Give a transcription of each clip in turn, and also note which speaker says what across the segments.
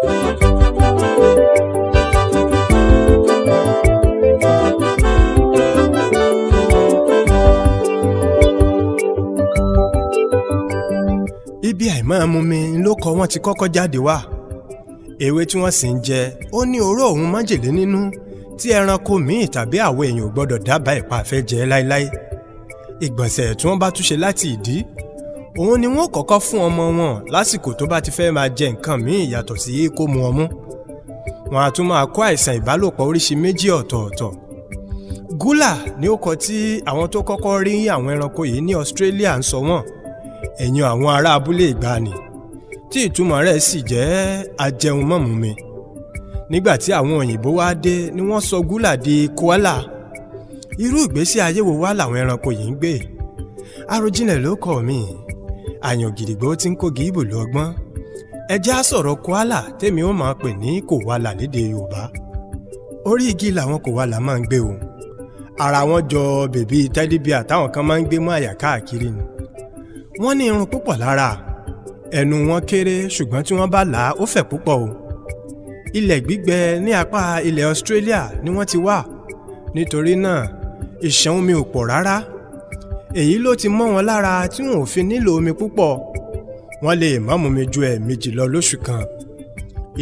Speaker 1: ibi àìmọ́ mumi ló kọ wọ́n ti kọ́kọ́ jáde wá ewé tí wọ́n sì ń jẹ ó ní òró òun májèlé nínú tí ẹranko míì tàbí àwọn èèyàn ò gbọ́dọ̀ dábàá ìpàfẹ́ jẹ láéláé ìgbọ̀nsẹ̀ tí wọ́n bá túnṣe láti ìdí òun ni wọn ó kọ́kọ́ fún ọmọ wọn lásìkò tó bá ti fẹ́ máa jẹ nǹkan míì yàtọ̀ sí kó mu ọmú wọn á tún máa kó àìsàn ìbálòpọ̀ oríṣi méjì ọ̀tọ̀ọ̀tọ̀ gúlà ní ó kọ tí àwọn tó kọ́kọ́ rí àwọn ẹranko yìí ní Australia ń sọ wọ́n ẹ̀yìn àwọn ará abúlé ìgbàanì tí ìtumọ̀ rẹ̀ sì jẹ́ ajẹun mọ̀mú mi nígbà tí àwọn òyìnbó wá dé ni wọ́n sọ gúlà di koala irú ìgbésí ayé wo wá làwọn ẹranko yìí ń gbé àròjinlẹ̀ ló kọ̀ míì àyàn gidigbo ti ń kó gíìbù lu ọgbọ́n ẹ já sọ̀rọ̀ koala tèmi ó máa pè ní kòwalà lédè yorùbá orí igi làwọn kòwalà máa ń gbé o ara wọn jọ bèbí tẹ́díbíà táwọn kan máa ń gbé mọ́ àyà káàkiri ni wọ́n ní irun púpọ̀ lára ẹnu wọn kéré ṣùgbọ́n tí wọ́n bá là á ó fẹ̀ púpọ̀ o ilẹ̀ gbígbẹ ní apá ilẹ̀ Australia ni wọ́n ti wà nítorí náà ìṣàn omi ò pọ̀ rárá èyí ló ti mọ́ wọn lára tí wọn ò fi nílò omi púpọ̀ wọ́n lè má mu mi ju ẹ̀ẹ̀mejì lọ lóṣù kan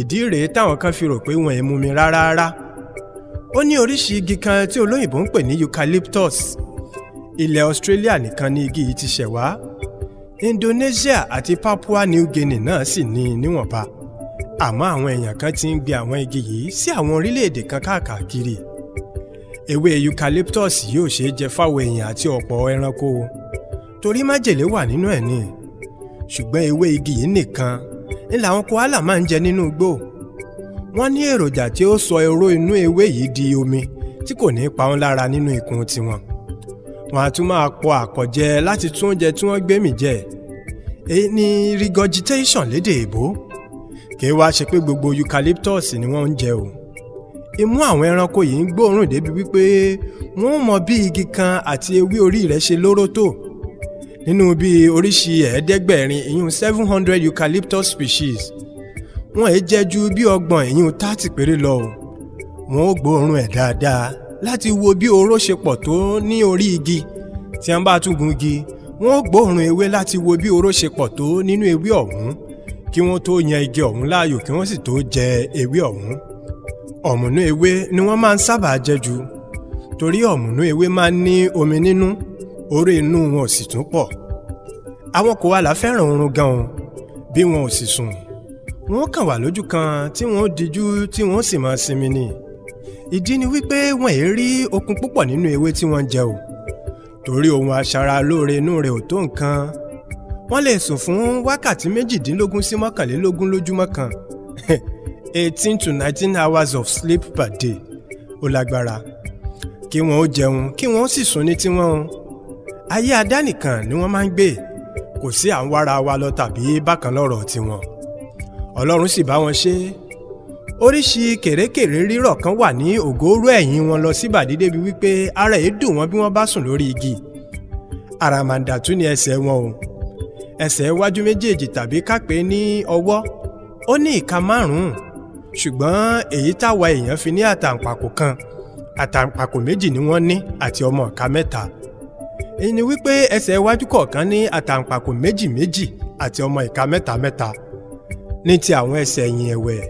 Speaker 1: ìdí rèé táwọn kan fi rò pé wọn ì mu mi rárá rárá ó ní oríṣi igi kan tí olóyìnbó ń pè ní eucalyptus ilẹ̀ Australia nìkan ni igi yìí ti ṣẹ̀ wá Indonesia àti Papua New Guinea náà sì ní níwọ̀nba àmọ́ àwọn èèyàn kan ti ń gbin àwọn igi yìí sí àwọn orílẹ̀-èdè kan káàkiri. Ka ewé eucalyptus yóò ṣeé jẹ fáwọn èèyàn àti ọ̀pọ̀ ẹranko torí májèlé wà nínú ẹ̀ ni ṣùgbọ́n ewé igi yìí nìkan ni làwọn koala máa ń jẹ nínú igbó wọ́n ní èròjà tí ó sọ oró inú ewé yìí di omi tí kò ní pa wọ́n lára nínú ikùn tiwọn wọ́n á tún máa pọ àkọjẹ láti tún oúnjẹ tí wọ́n gbé mì jẹ èyí ni regurgitation lédè èbó kì í wá ṣe pé gbogbo eucalyptus ni wọ́n ń jẹ o imú àwọn ẹranko yìí ń gbóòórùn débi wípé wọn ò mọ bí igi kan àti ewé orí rẹ̀ ṣe lóró tó nínú bí oríṣi ẹ̀ẹ́dẹ́gbẹ̀rin ìyún seven hundred eucalyptus species wọn èé jẹ́ ju bí ọgbọ̀n ìyún thirty péré lọ o wọn ò gbóòórùn ẹ̀ dáadáa láti wo bí oró ṣe pọ̀ tó ní orí igi tí wọn bá tún gun igi wọn ò gbóòórùn ewé láti wo bí oró ṣe pọ̀ tó nínú ewé ọ̀hún kí wọ́n tó yan igi ọ̀hún láàyò kí wọ́n sì tó jẹ ewé ọ̀hún ọ̀mùnú ewé ni wọ́n máa ń sábà jẹ jù torí ọ̀mùnú ewé máa ń ní omi nínú orí inú wọn ò sì tún pọ̀ àwọn koala fẹ́ràn oorun gan-an bí wọn ò sì sùn wọn kàn wà lójú kan tí wọn ó dijú tí wọn ó sì máa sinmi ni ìdí ni wípé wọn èé rí okun púpọ̀ nínú ewé tí wọ́n jẹ o torí ohun aṣaralóore inú rẹ̀ ò tó nǹkan wọ́n lè sùn fún wákàtí méjìdínlógún sí mọ́kànlélógún lójúmọ́ kan eighteen to nineteen hours of sleep per day ó lágbára kí wọn ó jẹun kí wọn ó sì sùn ní tiwọn o ayé adánìkan ni wọ́n máa ń gbé kò sí à ń wára wa lọ tàbí bákan lọ́rọ̀ tiwọn ọlọ́run sì bá wọn ṣe oríṣi kèrékèré rírọ̀ kan wà ní ògóòrò ẹ̀yìn wọn lọ síbàdí débi wípé ara èé dùn wọn bí wọ́n bá sùn lórí igi àràmàǹdà tún ni ẹsẹ̀ wọn o ẹsẹ̀ iwájú méjèèjì tàbí kápẹ́ ní ọwọ́ ó ní ìka márùn ṣùgbọ́n èyí táwa èèyàn fi ní àtàǹpàkò kan àtàǹpàkò méjì ni wọ́n ní àti ọmọ ọ̀ka mẹ́ta èyí ni wípé ẹsẹ̀ iwájú kọ̀ọ̀kan ní àtàǹpàkò méjì méjì àti ọmọ ìka mẹ́ta mẹ́ta ní ti àwọn ẹsẹ̀ ẹ̀yìn ẹ̀wẹ̀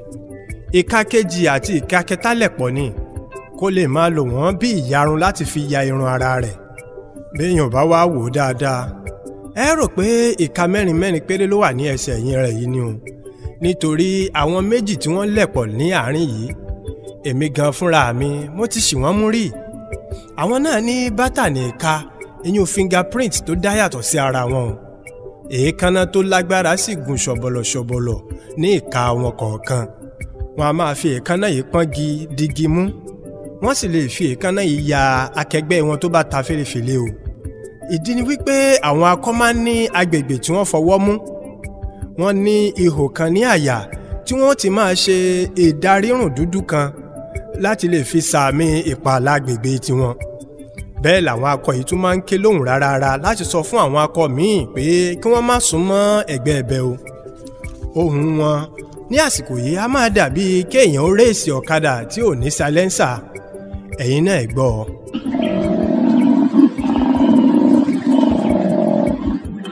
Speaker 1: ìka kejì àti ìka kẹta lẹ̀pọ̀ ni kó lè máa lò wọ́n bí ìyarun láti fi ya irun ara rẹ̀ béèyàn bá wá wò ó dáadáa ẹ rò pé ìka mẹ́rin mẹ́rin péré ló wà ní ẹsẹ̀ ẹ̀yìn rẹ̀ yìí ni o nítorí àwọn méjì tí wọ́n lẹ̀pọ̀ ní àárín yìí èmi gan fúnra mi mo ti ṣì wọ́n mú rí àwọn náà ní bátà ní ìka ìyún fingerprint tó dá yàtọ̀ sí ara wọn èékánná tó lágbára sì gùn ṣọ̀bọ̀lọ̀ ṣọ̀bọ̀lọ̀ ní ìka wọn kọ̀ọ̀kan wọn a máa fi èékánná yìí pọ́ngi digi mú wọ́n sì lè fi èékánná yìí ya akẹgbẹ́ wọn tó bá ta fèrèfèlè o ìdí ni wípé àwọn akọ́ máa ń ní agbègbè tí wọ́n fọwọ́ mú wọ́n ní ihò kan ní àyà tí wọ́n ti máa ṣe ìdarírùn dúdú kan láti lè fi sàmì ìpààlà agbègbè tiwọn bẹ́ẹ̀ làwọn akọ yìí tún máa ń ké lóhùn rárára láti sọ fún àwọn akọ míì pé kí wọ́n má sún mọ́ ẹ̀gbẹ́ ẹ̀bẹ̀ o ohùn wọn ní àsìkò yìí a máa dàbí kéèyàn ó rèsì ọ̀kadà tí ò ní salẹ́ńsà ẹ̀yin náà gbọ́ ọ.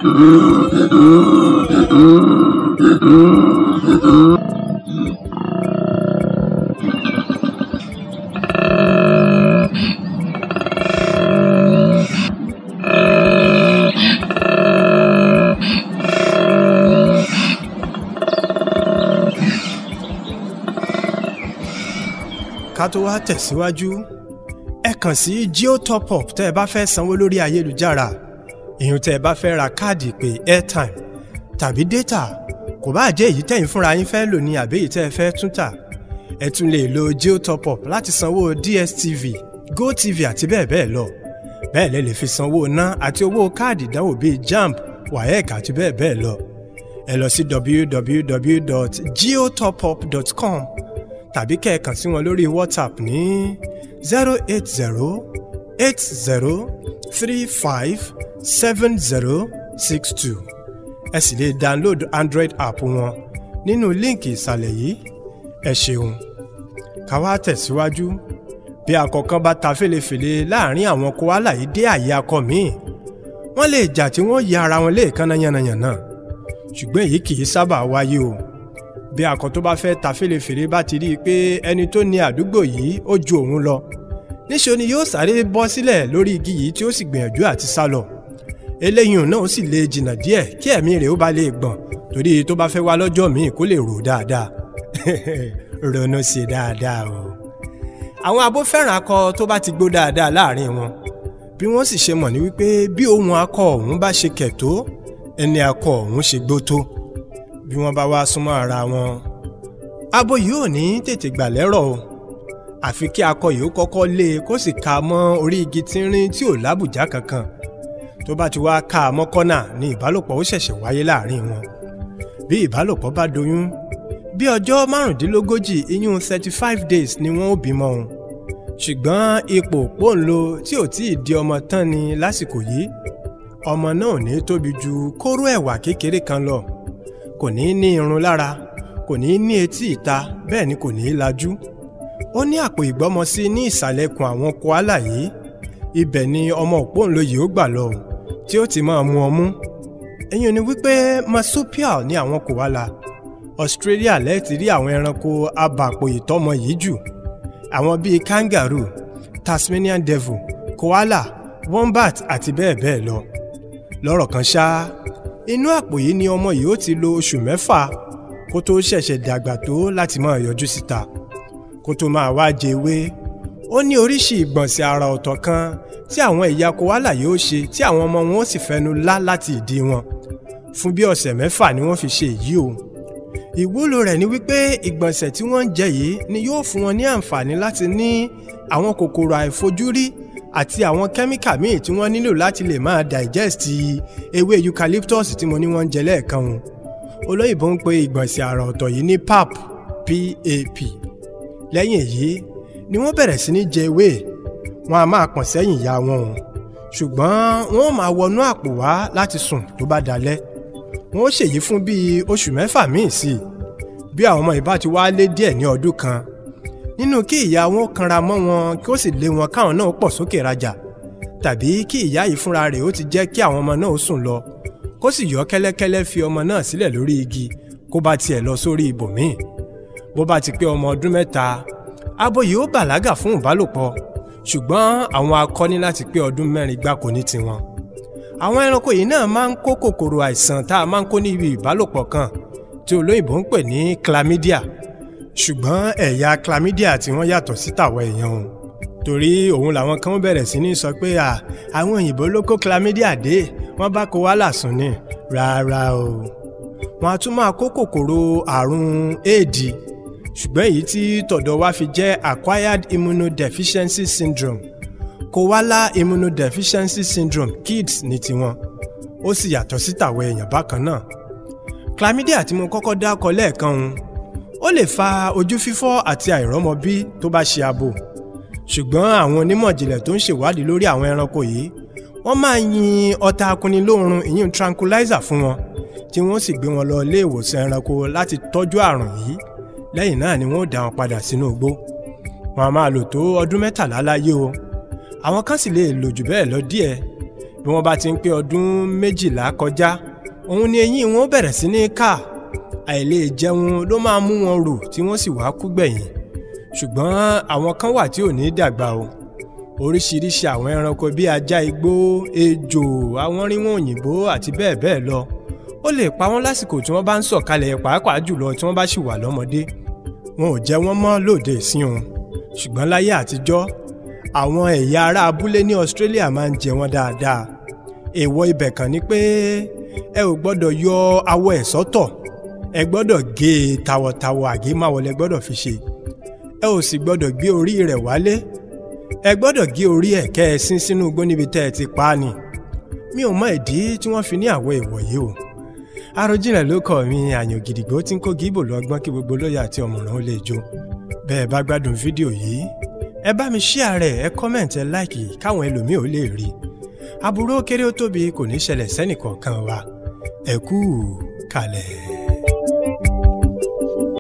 Speaker 1: ká tó wá tẹ̀síwájú ẹ kàn sí geotop up tẹ́ ẹ bá fẹ́ sanwó lórí ayélujára ìyẹn tẹ́ ẹ bá fẹ́ ra káàdì ìpè airtime tàbí data kò bá jẹ́ èyí tẹ́yìn fúnra yín fẹ́ lò ní àbí èyí tẹ́ ẹ fẹ́ tún tà ẹ tún lè lo geo top up láti sanwó DSTV GoTV àti bẹ́ẹ̀ bẹ́ẹ̀ lọ bẹ́ẹ̀ lè lè fi sanwó ná àti owó káàdì ìdánwò bíi JAMB WAEC àti bẹ́ẹ̀ bẹ́ẹ̀ lọ ẹ lọ sí www.geotopup.com tàbí kẹ́ ẹ kàn sí wọn lórí WhatsApp ní zero eight zero eight zero three five seven zero six two ẹ sì lè download android app wọn nínú líǹkì ìsàlẹ̀ yìí ẹ ṣeun ká wá tẹ̀síwájú bí akọ kan bá ta fèlèfèlè láàrin àwọn koala yìí dé àyè akọ míì wọ́n lè jà tí wọ́n ya ara wọn léèkánná yánnayànna ṣùgbọ́n èyí kì í sábà wáyé o bí akọ tó bá fẹ́ ta fèlèfèlè bá ti rí i pé ẹni tó ní àdúgbò yìí ó ju òun lọ níṣe ni yóò sáré bọ́ sílẹ̀ lórí igi yìí tí ó sì gbìyànjú àti sá lọ eléyìí náà sì lè jìnnà díẹ̀ kí ẹ̀mí rẹ̀ ó bá lè gbọ̀n torí tó bá fẹ́ wá lọ́jọ́ míì kó lè rò dáadáa ronú sí dáadáa o. àwọn abófẹ́ràn akọ tó bá ti gbó dáadáa láàrin wọn bí wọ́n sì ṣe mọ̀ ní wípé bí ohun akọ ọ̀hún bá ṣe kẹ̀ tó ẹni akọ ọ̀hún ṣe gbó tó bí wọ́n bá wá súnmọ́ ara wọn abo yìí ò ní tètè gbà lẹ́rọ̀ o àfi kí akọ yìí ó kọ́kọ́ lé e kó sì ka mọ́ orí igi tínrín tí ò lábùjá kankan tó bá ti wá ka mọ́ kọ́nà ni ìbálòpọ̀ ó ṣẹ̀ṣẹ̀ wáyé láàrin wọn bí ìbálòpọ̀ bá doyún bí ọjọ́ márùndínlógójì iyún thirty five days ni wọ́n ó bímọ òun ṣùgbọ́n ipò pòǹlo tí ò tí ì di ọmọ tán ni lásìkò yìí ọmọ náà ò ní tóbi ju kóró ẹ̀wà kékeré kan lọ kò ní ní irun lára kò ní ní etí ìta bẹ́ẹ̀ ni kò ní lajú ó ní àpò ìgbọ́mọsí ní ìsàlẹ̀kùn àwọn koala yìí ibẹ̀ ni ọmọ òpóǹlò yìí ó gbà lọ tí ó ti máa mu ọmú ẹ̀yìn ni wípé marsupial ní àwọn koala Australia lẹ́ẹ̀ ti rí àwọn ẹranko abàpò ìtọ́mọ yìí jù àwọn bíi kangaroo Tasmanian devil koala wombat àti bẹ́ẹ̀ bẹ́ẹ̀ lọ lọ́rọ̀ kan ṣáá inú àpò yìí ni ọmọ yìí ó ti lo oṣù mẹ́fà kó tó ṣẹ̀ṣẹ̀ dàgbà tó láti máa yọjú síta. Si kó tó máa wá jẹwé ó ní oríṣi ìgbọ̀nsẹ̀ àrà ọ̀tọ̀ kan tí àwọn ìyá koala yóò ṣe tí àwọn ọmọ wọn ó sì fẹnu lá láti ìdí wọn fún bí ọ̀sẹ̀ mẹ́fà ni wọ́n fi ṣe èyí o ìwúlò rẹ̀ ni wípé ìgbọ̀nsẹ̀ tí wọ́n ń jẹ yìí ni yóò fún wọn ní àǹfààní láti ní àwọn kòkòrò àìfojúrí àti àwọn kẹ́míkà míì tí wọ́n nílò láti lè máa digest ewé eucalyptus tí mo ní wọ́n ń jẹ lẹ́ẹ̀kan o olóyìnbó ń pe ìgbọ̀nsẹ̀ àrà ọ̀tọ̀ yìí ní pap pap lẹ́yìn èyí ni wọ́n bẹ̀rẹ̀ sí ní jẹ ewé wọn a máa pọ̀n sẹ́yìn ìyá wọn o ṣùgbọ́n wọn ò máa wọnú àpò wá láti sùn tó bá dalẹ́ wọn ó ṣèyí fún bíi oṣù mẹ́fà míì sí i bí àwọn ọmọ ìbá ti wá lé díẹ̀ ní ọdún kan nínú kí ìyá wọn kanra mọ́ wọn kí ó sì lé wọn káwọn náà pọ̀ sókè rajà tàbí kí ìyá yìí fúnra rẹ̀ ó ti jẹ́ kí àwọn ọmọ náà sùn lọ kó sì yọ kẹ́lẹ́kẹ́lẹ́ fi ọmọ náà sílẹ̀ lórí igi kó bá tiẹ̀ lọ sórí ibòmíì bó bá ti pé ọmọ ọdún mẹ́ta abo yìí ó bàlágà fún ìbálòpọ̀ ṣùgbọ́n àwọn akọ ní láti pé ọdún mẹ́rin gbáko ní tiwọn àwọn ẹranko yìí náà máa ń kó kòkòrò àìsàn tá a máa ń kó ní ibi ìbálòpọ̀ kan tí olóyìnbó ń pè ní chlamydia ṣùgbọ́n ẹ̀yà chlamydia tí wọ́n yàtọ̀ sí tàwọn èèyàn òun torí òun làwọn kan bẹ̀rẹ̀ sí ní sọ pé à àwọn òyìnbó ló kó chlamydia dé wọ́n bá kó wá lásùn ni rárá o wọ́n á tún máa kó kòkòrò àrùn éèdì ṣùgbọ́n èyí tí tọ̀dọ̀ wa fi jẹ́ acquired immunodeficiency syndrome koala immunodeficiency syndrome kids ní tiwọn ó sì yàtọ̀ sí tàwọn èèyàn bákan náà chlamydia tí mo kọ́kọ́ dákọ lẹ́ẹ̀kan òun ó lè fa ojú fífọ́ àti àìrọ́mọbí tó bá ṣe abo ṣùgbọ́n àwọn onímọ̀ ìjìnlẹ̀ tó ń ṣèwádìí lórí àwọn ẹranko yìí wọ́n máa yin ọta akuniloorun ìyún tranquilizer fún wọn tí wọ́n sì gbé wọn lọ ilé ìwòsàn ẹranko láti tọ́jú àrùn yìí lẹ́yìn náà ni wọ́n ó dá wọn padà sínú igbó wọn a máa lò tó ọdún mẹ́tàlá láyé o àwọn kan sì lè lò jù bẹ́ẹ̀ lọ díẹ̀ bí wọ́n bá ti ń pé ọdún méjìlá kọjá òun ni eyín wọn bẹ̀rẹ̀ sí ní ká àìlè jẹun ló máa mú wọn rò tí wọ́n sì wá kú gbẹ̀yìn ṣùgbọ́n àwọn kan wà tí ò ní dàgbà o oríṣiríṣi àwọn ẹranko bíi ajá igbó ejò àwọn rínwọ̀n òyìnbó àti bẹ́ẹ̀ bẹ́ẹ̀ lọ ó lè pa wọ́n lásìkò tí wọ́n bá ń sọ̀kalẹ̀ pàápàá jùlọ tí wọ́n bá sì wà lọ́mọdé wọn ò jẹ́ wọ́n mọ́ lóde ìsìn òun ṣùgbọ́n láyé àtijọ́ àwọn ẹ̀yà ará abúlé ní Australia máa ń jẹ wọ́n dáadáa èèwọ̀ ibẹ̀ kàn ni pé ẹ ò gbọ́dọ̀ yọ awọ ẹ̀ sọ́tọ̀ ẹ gbọ́dọ̀ gé e tàwọ̀tàwọ̀ àgémáwọ̀ lẹ gbọ́dọ̀ fi ṣe ẹ ò sì gbọ́dọ̀ gbé orí rẹ̀ wálé ẹ gbọ́dọ̀ gé orí ẹ̀ kẹ́ ẹ sín sínú igbó níbi tẹ́ ẹ ti pa á ni mi ò mọ ìdí tí wọ́n fi ní àwọ̀ ìwọ̀yí o Àròjinlẹ̀ ló kọ mi àyàn gidigbo tí ń kó gíbò lọ́gbọ́n kí gbogbo lóye àti ọ̀mọ̀ràn ó lè jó bẹ́ẹ̀ bá gbádùn fídíò yìí ẹ bá mi share rẹ̀ ẹ kọ́mẹ̀ntì ẹ láìkì káwọn ẹlòmíì ó lè rí aburú ó kéré ó tóbi kò ní ṣẹlẹ̀ sẹ́nìkọ̀ọ̀kan wa ẹ kú kalẹ̀.